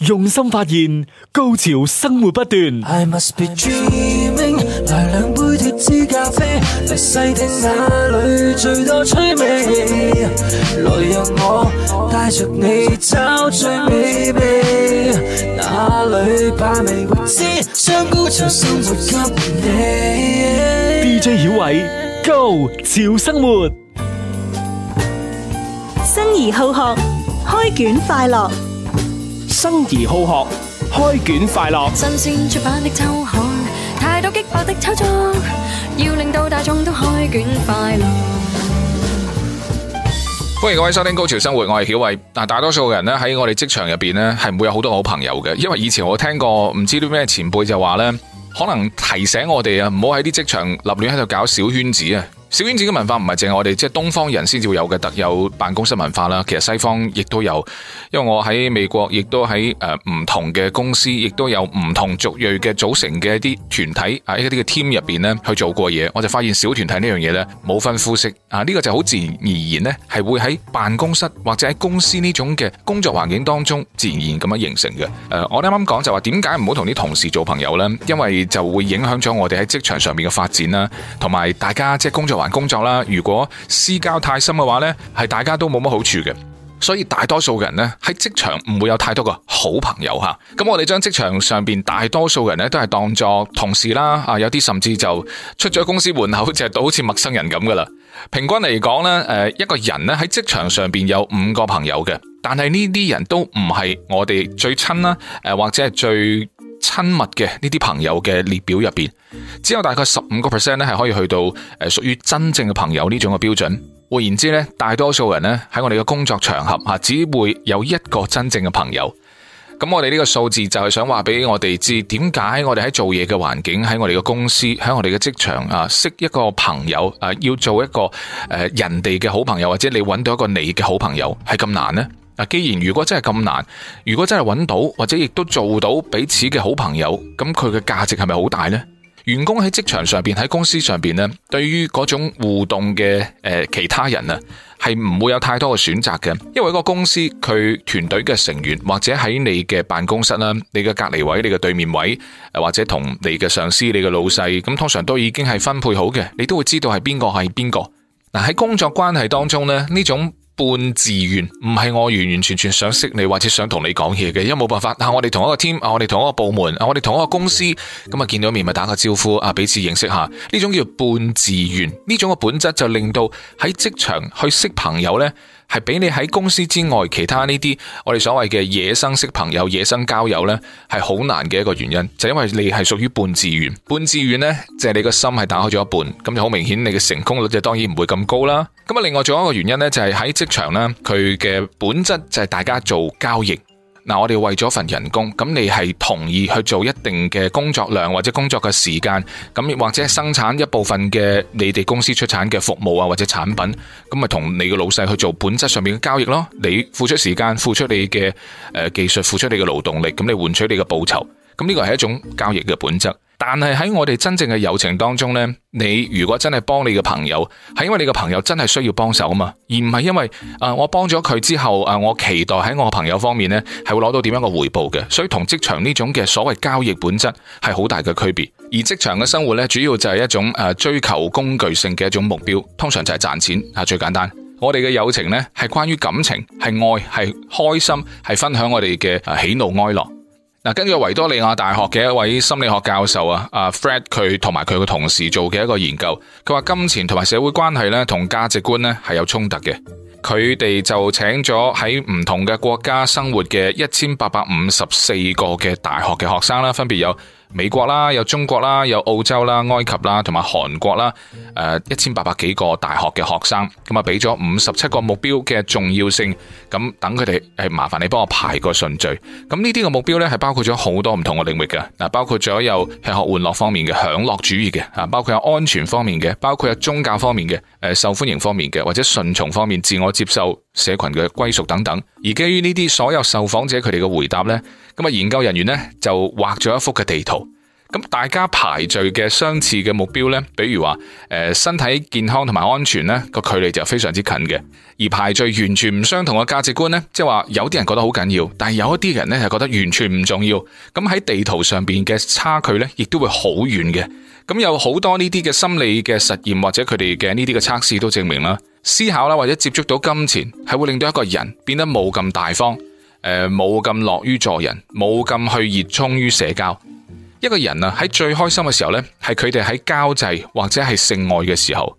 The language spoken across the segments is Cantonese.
用心發現，高潮生活不斷。I must be dreaming，來兩杯脫脂咖啡，嚟細聽那裏最多趣味。來讓我帶着你找最美味，哪裏把味未知，將高潮生活給你。DJ 小偉，Go 潮生活，生而好學，開卷快樂。生而好學，開卷快樂。新鮮出版的秋刊，太多激烈的炒作，要令到大眾都開卷快樂。歡迎各位收聽《高潮生活》，我曉，我係曉偉。但大多數人咧喺我哋職場入邊咧係唔會有好多好朋友嘅，因為以前我聽過唔知啲咩前輩就話呢，可能提醒我哋啊，唔好喺啲職場立亂喺度搞小圈子啊。小圈子嘅文化唔係淨係我哋即係東方人先至會有嘅特有辦公室文化啦。其實西方亦都有，因為我喺美國，亦都喺誒唔同嘅公司，亦都有唔同族裔嘅組成嘅一啲團體啊，一啲嘅 team 入邊咧去做過嘢，我就發現小團體呢樣嘢咧冇分膚色啊，呢個就好自然而然咧係會喺辦公室或者喺公司呢種嘅工作環境當中，自然咁樣形成嘅。誒、啊，我啱啱講就話點解唔好同啲同事做朋友咧？因為就會影響咗我哋喺職場上面嘅發展啦，同埋大家即係工作。還工作啦，如果私交太深嘅話呢係大家都冇乜好處嘅，所以大多數人呢喺職場唔會有太多嘅好朋友。吓，咁我哋將職場上邊大多數人呢都係當作同事啦，啊有啲甚至就出咗公司門口就到好似陌生人咁噶啦。平均嚟講呢，誒，一個人呢喺職場上邊有五個朋友嘅，但係呢啲人都唔係我哋最親啦，誒或者係最。親密嘅呢啲朋友嘅列表入邊，只有大概十五個 percent 咧，係可以去到誒屬於真正嘅朋友呢種嘅標準。換言之咧，大多數人咧喺我哋嘅工作場合吓，只會有一個真正嘅朋友。咁我哋呢個數字就係想話俾我哋知，點解我哋喺做嘢嘅環境，喺我哋嘅公司，喺我哋嘅職場啊，識一個朋友啊，要做一個誒、啊、人哋嘅好朋友，或者你揾到一個你嘅好朋友，係咁難呢？嗱，既然如果真係咁難，如果真係搵到或者亦都做到彼此嘅好朋友，咁佢嘅價值係咪好大呢？員工喺職場上邊喺公司上邊呢，對於嗰種互動嘅誒、呃、其他人啊，係唔會有太多嘅選擇嘅，因為個公司佢團隊嘅成員或者喺你嘅辦公室啦，你嘅隔籬位、你嘅對面位，或者同你嘅上司、你嘅老細，咁通常都已經係分配好嘅，你都會知道係邊個係邊個。嗱，喺工作關係當中呢，呢種。半自願，唔係我完完全全，全想識你或者想同你講嘢嘅，因為冇辦法。啊，我哋同一個 team，啊，我哋同一個部門，啊，我哋同一個公司，咁啊見到面咪打個招呼，啊，彼此認識下，呢種叫半自願，呢種個本質就令到喺職場去識朋友呢係俾你喺公司之外，其他呢啲我哋所謂嘅野生式朋友、野生交友咧，係好難嘅一個原因，就因為你係屬於半自願。半自願咧，即係你個心係打開咗一半，咁就好明顯，你嘅成功率就當然唔會咁高啦。咁啊，另外仲有一個原因咧，就係喺職場咧，佢嘅本質就係大家做交易。嗱，我哋為咗份人工，咁你係同意去做一定嘅工作量或者工作嘅時間，咁或者生產一部分嘅你哋公司出產嘅服務啊或者產品，咁咪同你嘅老細去做本質上面嘅交易咯。你付出時間，付出你嘅誒技術，付出你嘅勞動力，咁你換取你嘅報酬，咁呢個係一種交易嘅本質。但係喺我哋真正嘅友情當中呢，你如果真係幫你嘅朋友，係因為你嘅朋友真係需要幫手啊嘛，而唔係因為誒我幫咗佢之後誒我期待喺我嘅朋友方面呢係會攞到點樣嘅回報嘅，所以同職場呢種嘅所謂交易本質係好大嘅區別。而職場嘅生活呢，主要就係一種誒追求工具性嘅一種目標，通常就係賺錢啊最簡單。我哋嘅友情呢係關於感情，係愛，係開心，係分享我哋嘅喜怒哀樂。根據維多利亞大學嘅一位心理學教授啊，阿 Fred 佢同埋佢嘅同事做嘅一個研究，佢話金錢同埋社會關係咧，同價值觀咧係有衝突嘅。佢哋就請咗喺唔同嘅國家生活嘅一千八百五十四個嘅大學嘅學生啦，分別有，美國啦，有中國啦，有澳洲啦，埃及啦，同埋韓國啦，誒，一千八百幾個大學嘅學生，咁啊，俾咗五十七個目標嘅重要性，咁等佢哋係麻煩你幫我排個順序。咁呢啲嘅目標咧係包括咗好多唔同嘅領域嘅，嗱，包括咗有吃喝玩樂方面嘅享樂主義嘅，啊，包括有安全方面嘅，包括有宗教方面嘅，誒，受歡迎方面嘅，或者順從方面，自我接受。社群嘅歸屬等等，而基於呢啲所有受訪者佢哋嘅回答呢，咁啊研究人員呢就畫咗一幅嘅地圖。咁大家排序嘅相似嘅目標呢，比如話誒身體健康同埋安全呢個距離就非常之近嘅，而排序完全唔相同嘅價值觀呢，即係話有啲人覺得好緊要，但係有一啲人呢係覺得完全唔重要，咁喺地圖上邊嘅差距呢，亦都會好遠嘅。咁有好多呢啲嘅心理嘅實驗或者佢哋嘅呢啲嘅測試都證明啦，思考啦或者接觸到金錢係會令到一個人變得冇咁大方，誒冇咁樂於助人，冇咁去熱衷於社交。一個人啊喺最開心嘅時候咧，係佢哋喺交際或者係性愛嘅時候。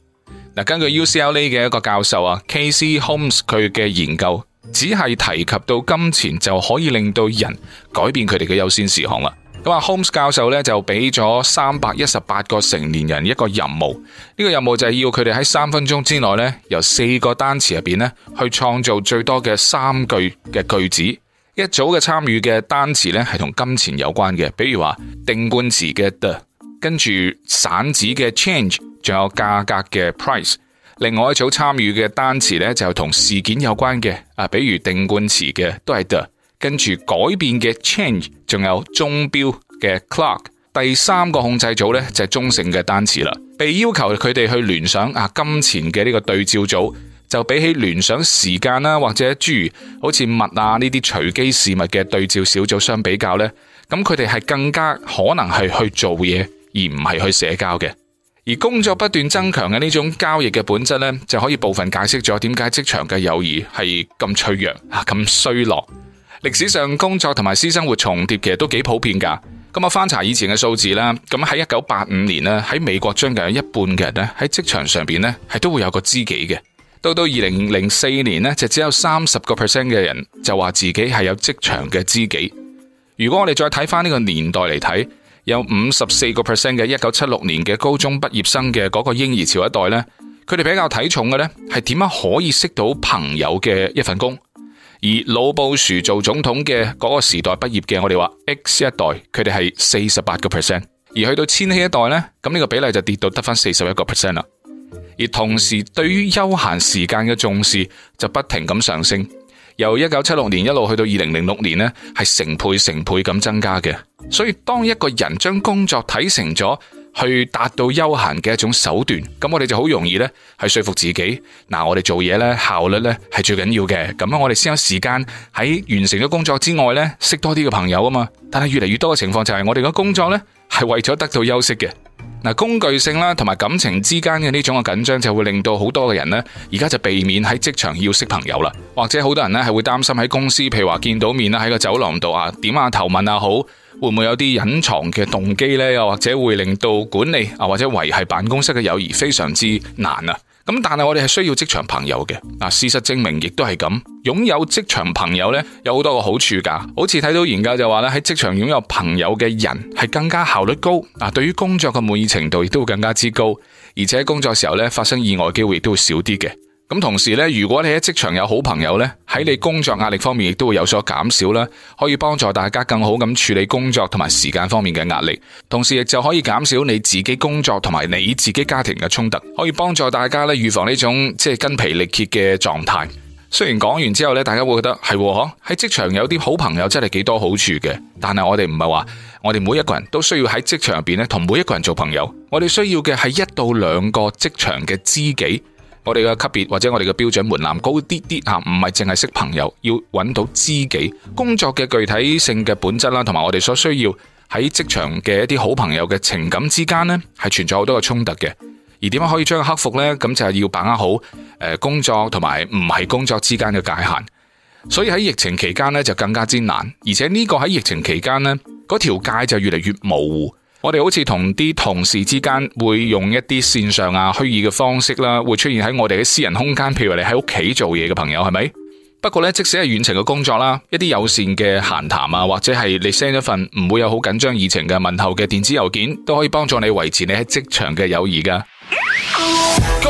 嗱，根據 UCLA 嘅一個教授啊，Casey Holmes 佢嘅研究，只係提及到金錢就可以令到人改變佢哋嘅優先事項啦。咁啊，Holmes 教授咧，就俾咗三百一十八個成年人一個任務，呢個任務就係要佢哋喺三分鐘之內咧，由四個單詞入邊咧，去創造最多嘅三句嘅句子。一組嘅參與嘅單詞咧係同金錢有關嘅，比如話定冠詞嘅 the，跟住散紙嘅 change，仲有價格嘅 price。另外一組參與嘅單詞咧就係同事件有關嘅，啊，比如定冠詞嘅都係 the。跟住改變嘅 change，仲有鐘錶嘅 clock。第三個控制組呢就係中性嘅單詞啦。被要求佢哋去聯想啊金錢嘅呢個對照組，就比起聯想時間啦，或者諸如好似物啊呢啲隨機事物嘅對照小組相比較呢，咁佢哋係更加可能係去做嘢而唔係去社交嘅。而工作不斷增強嘅呢種交易嘅本質呢，就可以部分解釋咗點解職場嘅友誼係咁脆弱啊，咁衰落。歷史上工作同埋私生活重疊，其實都幾普遍噶。咁我翻查以前嘅數字啦，咁喺一九八五年呢，喺美國將近有一半嘅人呢，喺職場上邊呢，係都會有個知己嘅。到到二零零四年呢，就只有三十個 percent 嘅人就話自己係有職場嘅知己。如果我哋再睇翻呢個年代嚟睇，有五十四個 percent 嘅一九七六年嘅高中畢業生嘅嗰個嬰兒潮一代呢，佢哋比較睇重嘅呢，係點樣可以識到朋友嘅一份工。而老布殊做總統嘅嗰個時代畢業嘅，我哋話 X 一代，佢哋係四十八個 percent，而去到千禧一代咧，咁呢個比例就跌到得翻四十一個 percent 啦。而同時，對於休閒時間嘅重視就不停咁上升，由一九七六年一路去到二零零六年咧，係成倍成倍咁增加嘅。所以當一個人將工作睇成咗，去達到休閒嘅一種手段，咁我哋就好容易呢係說服自己，嗱我哋做嘢呢效率呢係最緊要嘅，咁我哋先有時間喺完成咗工作之外呢識多啲嘅朋友啊嘛，但係越嚟越多嘅情況就係我哋嘅工作呢係為咗得到休息嘅，嗱工具性啦，同埋感情之間嘅呢種嘅緊張就會令到好多嘅人呢而家就避免喺職場要識朋友啦，或者好多人呢係會擔心喺公司，譬如話見到面啦喺個走廊度啊點下頭問下好。會唔會有啲隱藏嘅動機呢？又或者會令到管理啊或者維繫辦公室嘅友誼非常之難啊？咁但係我哋係需要職場朋友嘅。事實證明亦都係咁，擁有職場朋友呢，有好多個好處㗎。好似睇到研究就話呢喺職場擁有朋友嘅人係更加效率高啊！對於工作嘅滿意程度亦都會更加之高，而且喺工作時候呢，發生意外的機會亦都會少啲嘅。咁同時咧，如果你喺職場有好朋友咧，喺你工作壓力方面亦都會有所減少啦，可以幫助大家更好咁處理工作同埋時間方面嘅壓力，同時亦就可以減少你自己工作同埋你自己家庭嘅衝突，可以幫助大家咧預防呢種即係筋疲力竭嘅狀態。雖然講完之後咧，大家會覺得係喎，喺、啊、職場有啲好朋友真係幾多好處嘅，但係我哋唔係話我哋每一個人都需要喺職場入邊咧同每一個人做朋友，我哋需要嘅係一到兩個職場嘅知己。我哋嘅級別或者我哋嘅標準門檻高啲啲吓，唔係淨係識朋友，要搵到知己。工作嘅具體性嘅本質啦，同埋我哋所需要喺職場嘅一啲好朋友嘅情感之間咧，係存在好多嘅衝突嘅。而點樣可以將佢克服咧？咁就係要把握好誒，工作同埋唔係工作之間嘅界限。所以喺疫情期間咧，就更加之難。而且呢個喺疫情期間咧，嗰條界就越嚟越模糊。我哋好似同啲同事之間會用一啲綫上啊虛擬嘅方式啦，會出現喺我哋嘅私人空間，譬如你喺屋企做嘢嘅朋友係咪？不過呢，即使係遠程嘅工作啦，一啲友善嘅閒談啊，或者係你 send 一份唔會有好緊張疫情嘅問候嘅電子郵件，都可以幫助你維持你喺職場嘅友誼㗎。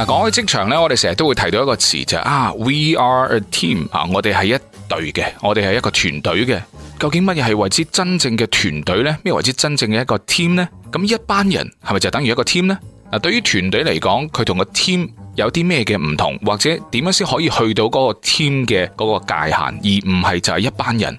嗱，講起職場呢，我哋成日都會提到一個詞就係、是、啊，we are a team 啊，我哋係一隊嘅，我哋係一個團隊嘅。究竟乜嘢係為之真正嘅團隊呢？咩為之真正嘅一個 team 呢？咁一班人係咪就等於一個 team 呢？嗱、啊，對於團隊嚟講，佢同個 team 有啲咩嘅唔同，或者點樣先可以去到嗰個 team 嘅嗰個界限，而唔係就係一班人。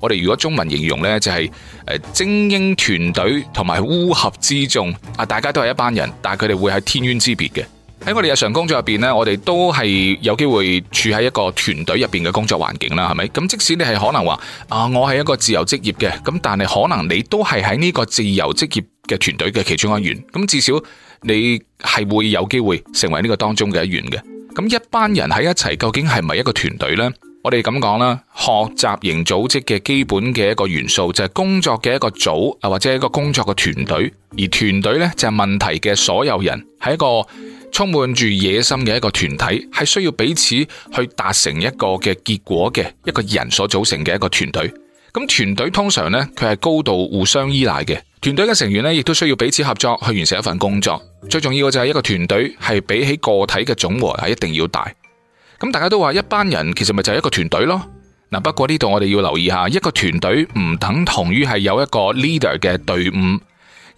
我哋如果中文形容呢，就係、是呃、精英團隊同埋烏合之眾啊，大家都係一班人，但係佢哋會係天淵之別嘅。喺我哋日常工作入邊咧，我哋都係有機會處喺一個團隊入邊嘅工作環境啦，係咪？咁即使你係可能話啊，我係一個自由職業嘅，咁但係可能你都係喺呢個自由職業嘅團隊嘅其中一員，咁至少你係會有機會成為呢個當中嘅一員嘅。咁一班人喺一齊，究竟係咪一個團隊呢？我哋咁講啦，學習型組織嘅基本嘅一個元素就係工作嘅一個組，或者一個工作嘅團隊，而團隊呢，就係問題嘅所有人，係一個。充滿住野心嘅一個團體，係需要彼此去達成一個嘅結果嘅一個人所組成嘅一個團隊。咁團隊通常呢，佢係高度互相依賴嘅。團隊嘅成員呢，亦都需要彼此合作去完成一份工作。最重要嘅就係一個團隊係比起個體嘅總和係一定要大。咁大家都話一班人其實咪就係一個團隊咯。嗱，不過呢度我哋要留意下，一個團隊唔等同於係有一個 leader 嘅隊伍。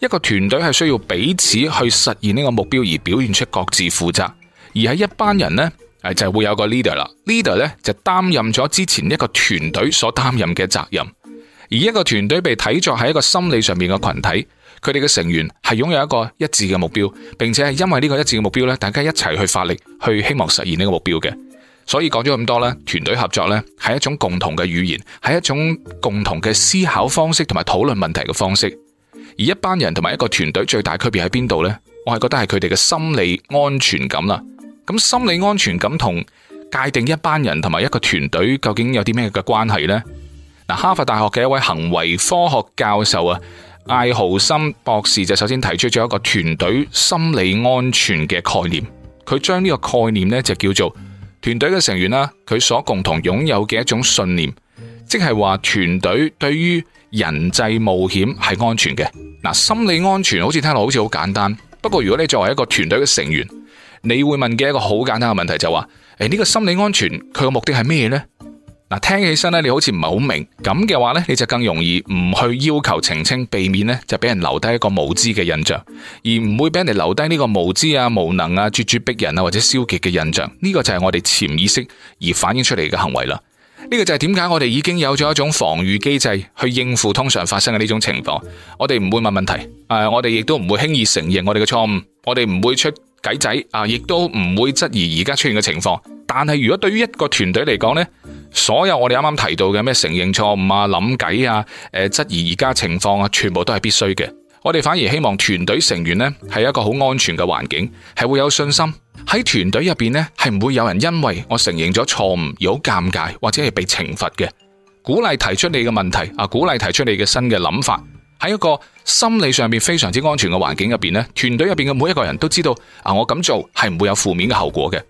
一個團隊係需要彼此去實現呢個目標而表現出各自負責，而喺一班人呢，誒就會有個 leader 啦。leader 咧就擔任咗之前一個團隊所擔任嘅責任，而一個團隊被睇作係一個心理上面嘅群體，佢哋嘅成員係擁有一個一致嘅目標，並且係因為呢個一致嘅目標咧，大家一齊去發力，去希望實現呢個目標嘅。所以講咗咁多咧，團隊合作咧係一種共同嘅語言，係一種共同嘅思考方式同埋討論問題嘅方式。而一班人同埋一個團隊最大區別喺邊度呢？我係覺得係佢哋嘅心理安全感啦。咁心理安全感同界定一班人同埋一個團隊究竟有啲咩嘅關係呢？嗱，哈佛大學嘅一位行為科學教授啊，艾豪森博士就首先提出咗一個團隊心理安全嘅概念。佢將呢個概念呢，就叫做團隊嘅成員啦，佢所共同擁有嘅一種信念。即係話團隊對於人際冒險係安全嘅，嗱，心理安全好似聽落好似好簡單。不過如果你作為一個團隊嘅成員，你會問嘅一個好簡單嘅問題就話、是：誒、欸、呢、這個心理安全佢嘅目的係咩呢？」嗱，聽起身咧你好似唔係好明。咁嘅話咧，你就更容易唔去要求澄清，避免咧就俾人留低一個無知嘅印象，而唔會俾人哋留低呢個無知啊、無能啊、咄咄逼人啊或者消極嘅印象。呢、這個就係我哋潛意識而反映出嚟嘅行為啦。呢、呢個就係點解我哋已經有咗一種防禦機制去應付通常發生嘅呢種情況，我哋唔會問問題，誒，我哋亦都唔會輕易承認我哋嘅錯誤，我哋唔會出計仔，啊，亦都唔會質疑而家出現嘅情況。但係如果對於一個團隊嚟講咧，所有我哋啱啱提到嘅咩承認錯誤啊、諗計啊、誒質疑而家情況啊，全部都係必須嘅。我哋反而希望團隊成員呢係一個好安全嘅環境，係會有信心喺團隊入邊呢係唔會有人因為我承認咗錯誤而好尷尬或者係被懲罰嘅。鼓勵提出你嘅問題，啊鼓勵提出你嘅新嘅諗法，喺一個心理上面非常之安全嘅環境入邊呢團隊入邊嘅每一個人都知道啊，我咁做係唔會有負面嘅後果嘅。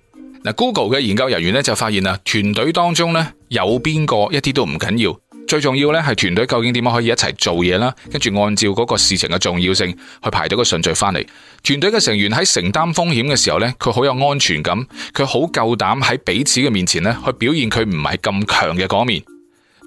Google 嘅研究人員呢就發現啦，團隊當中呢有邊個一啲都唔緊要。最重要咧係團隊究竟點樣可以一齊做嘢啦，跟住按照嗰個事情嘅重要性去排到個順序翻嚟。團隊嘅成員喺承擔風險嘅時候咧，佢好有安全感，佢好夠膽喺彼此嘅面前咧去表現佢唔係咁強嘅嗰面。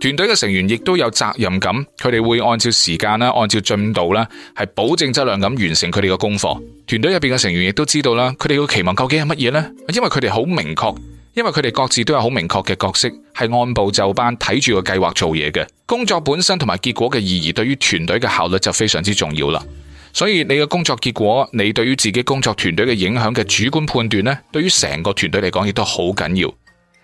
團隊嘅成員亦都有責任感，佢哋會按照時間啦，按照進度啦，係保證質量咁完成佢哋嘅功課。團隊入邊嘅成員亦都知道啦，佢哋嘅期望究竟係乜嘢呢？因為佢哋好明確。因為佢哋各自都有好明確嘅角色，係按部就班睇住個計劃做嘢嘅。工作本身同埋結果嘅意義，對於團隊嘅效率就非常之重要啦。所以你嘅工作結果，你對於自己工作團隊嘅影響嘅主觀判斷呢，對於成個團隊嚟講亦都好緊要。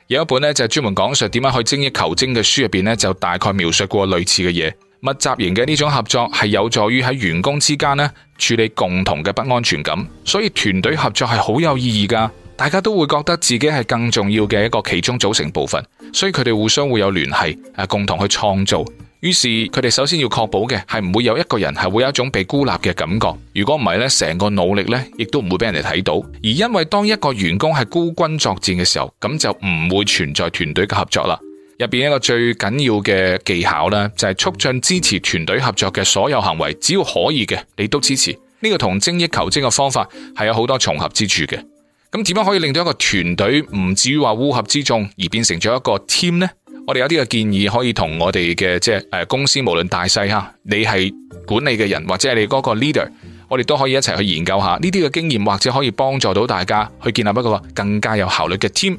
有一本呢，就係專門講述點樣去精益求精嘅書入邊呢，就大概描述過類似嘅嘢。密集型嘅呢種合作係有助於喺員工之間呢處理共同嘅不安全感，所以團隊合作係好有意義噶。大家都會覺得自己係更重要嘅一個其中組成部分，所以佢哋互相會有聯繫，誒，共同去創造。於是佢哋首先要確保嘅係唔會有一個人係會有一種被孤立嘅感覺。如果唔係呢，成個努力呢亦都唔會俾人哋睇到。而因為當一個員工係孤軍作戰嘅時候，咁就唔會存在團隊嘅合作啦。入邊一個最緊要嘅技巧呢，就係促進支持團隊合作嘅所有行為，只要可以嘅，你都支持。呢個同精益求精嘅方法係有好多重合之處嘅。咁點樣可以令到一個團隊唔至於話烏合之眾而變成咗一個 team 呢？我哋有啲嘅建議可以同我哋嘅，即係、呃、公司無論大細吓，你係管理嘅人或者係你嗰個 leader，我哋都可以一齊去研究下呢啲嘅經驗，或者可以幫助到大家去建立一個更加有效率嘅 team。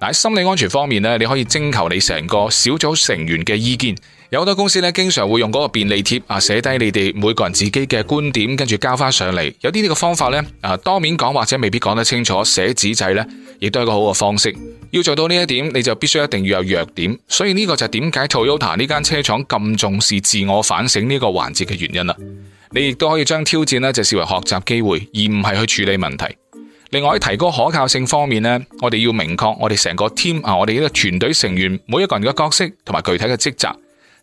喺心理安全方面呢，你可以徵求你成個小組成員嘅意見。有好多公司咧，經常會用嗰個便利貼啊，寫低你哋每個人自己嘅觀點，跟住交翻上嚟。有啲呢個方法咧，啊當面講或者未必講得清楚，寫紙仔咧，亦都係一個好嘅方式。要做到呢一點，你就必須一定要有弱點。所以呢個就係點解 Toyota 呢間車廠咁重視自我反省呢個環節嘅原因啦。你亦都可以將挑戰咧就視為學習機會，而唔係去處理問題。另外喺提高可靠性方面咧，我哋要明確我哋成個 team 啊，我哋呢個團隊成員每一個人嘅角色同埋具體嘅職責。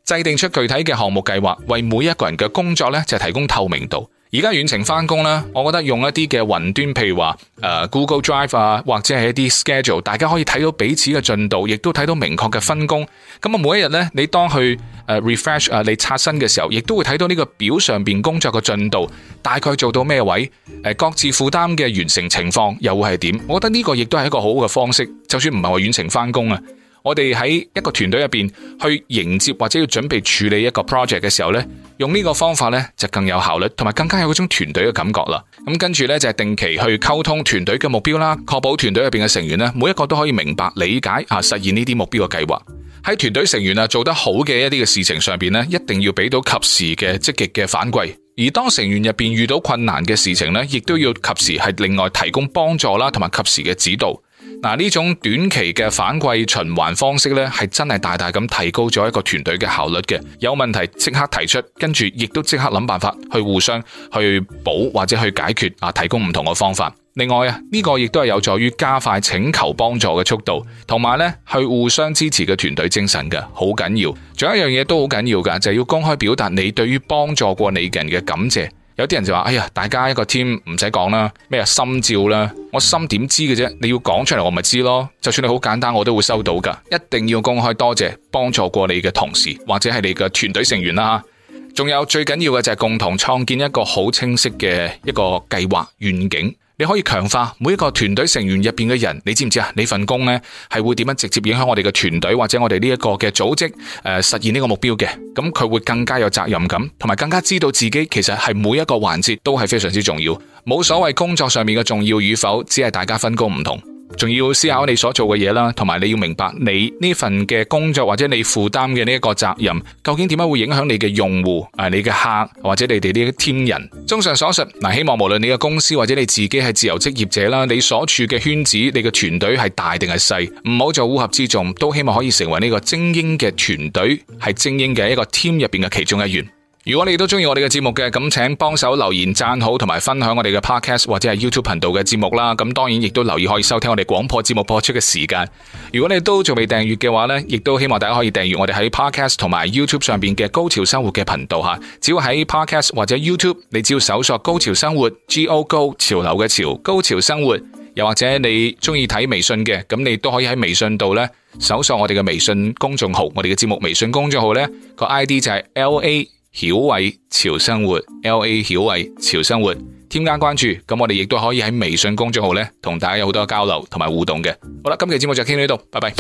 制定出具體嘅項目計劃，為每一個人嘅工作咧就提供透明度。而家遠程翻工啦，我覺得用一啲嘅雲端，譬如話誒 Google Drive 啊，或者係一啲 schedule，大家可以睇到彼此嘅進度，亦都睇到明確嘅分工。咁啊，每一日咧，你當去誒 refresh 你刷新嘅時候，亦都會睇到呢個表上邊工作嘅進度，大概做到咩位，誒各自負擔嘅完成情況又會係點？我覺得呢個亦都係一個好好嘅方式。就算唔係話遠程翻工啊。我哋喺一個團隊入邊去迎接或者要準備處理一個 project 嘅時候呢，用呢個方法呢就更有效率，同埋更加有嗰種團隊嘅感覺啦。咁跟住呢，就係定期去溝通團隊嘅目標啦，確保團隊入邊嘅成員呢，每一個都可以明白理解啊，實現呢啲目標嘅計劃。喺團隊成員啊做得好嘅一啲嘅事情上邊呢，一定要俾到及時嘅積極嘅反饋。而當成員入邊遇到困難嘅事情呢，亦都要及時係另外提供幫助啦，同埋及、及時嘅指導。嗱，呢種短期嘅反饋循環方式呢，係真係大大咁提高咗一個團隊嘅效率嘅。有問題即刻提出，跟住亦都即刻諗辦法去互相去補或者去解決啊，提供唔同嘅方法。另外啊，呢、這個亦都係有助於加快請求幫助嘅速度，同埋呢去互相支持嘅團隊精神嘅，好緊要。仲有一樣嘢都好緊要㗎，就係、是、要公開表達你對於幫助過你嘅人嘅感謝。有啲人就話，哎呀，大家一個 team 唔使講啦，咩啊心照啦，我心點知嘅啫？你要講出嚟我咪知咯。就算你好簡單，我都會收到噶，一定要公開多謝幫助過你嘅同事或者係你嘅團隊成員啦。吓，仲有最緊要嘅就係共同創建一個好清晰嘅一個計劃願景。你可以強化每一個團隊成員入邊嘅人，你知唔知啊？你份工咧係會點樣直接影響我哋嘅團隊或者我哋呢一個嘅組織誒實現呢個目標嘅？咁佢會更加有責任感，同埋更加知道自己其實係每一個環節都係非常之重要，冇所謂工作上面嘅重要與否，只係大家分工唔同。仲要思考你所做嘅嘢啦，同埋你要明白你呢份嘅工作或者你負擔嘅呢一個責任，究竟點樣會影響你嘅用戶、呃、你嘅客或者你哋呢啲 team 人。綜上所述，嗱，希望無論你嘅公司或者你自己係自由職業者啦，你所處嘅圈子，你嘅團隊係大定係細，唔好做烏合之眾，都希望可以成為呢個精英嘅團隊，係精英嘅一個 team 入邊嘅其中一員。如果你都中意我哋嘅節目嘅，咁請幫手留言贊好，同埋分享我哋嘅 podcast 或者係 YouTube 頻道嘅節目啦。咁當然亦都留意可以收聽我哋廣播節目播出嘅時間。如果你都仲未訂閱嘅話呢，亦都希望大家可以訂閱我哋喺 podcast 同埋 YouTube 上邊嘅《高潮生活》嘅頻道吓。只要喺 podcast 或者 YouTube，你只要搜索高高《高潮生活》G O G 潮流嘅潮，高潮生活又或者你中意睇微信嘅，咁你都可以喺微信度呢搜索我哋嘅微信公眾號，我哋嘅節目微信公眾號呢、個 I D 就係 L A。曉偉潮生活，L A 曉偉潮生活，添加關注，咁我哋亦都可以喺微信公眾號咧，同大家有好多交流同埋互動嘅。好啦，今期節目就傾到呢度，拜拜。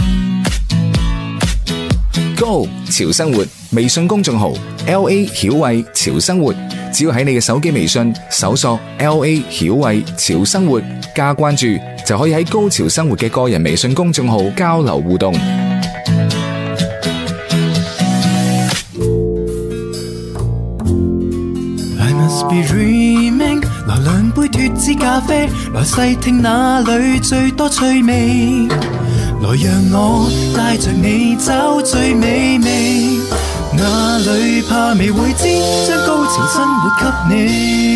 Go 潮生活微信公眾號，L A 曉偉潮生活，只要喺你嘅手機微信搜索 L A 曉偉潮生活加關注，就可以喺高潮生活嘅個人微信公眾號交流互動。Be dreaming，來兩杯脱脂咖啡，來細聽那裏最多趣味。來讓我帶着你找最美味，哪裏怕未會知，將高潮生活給你。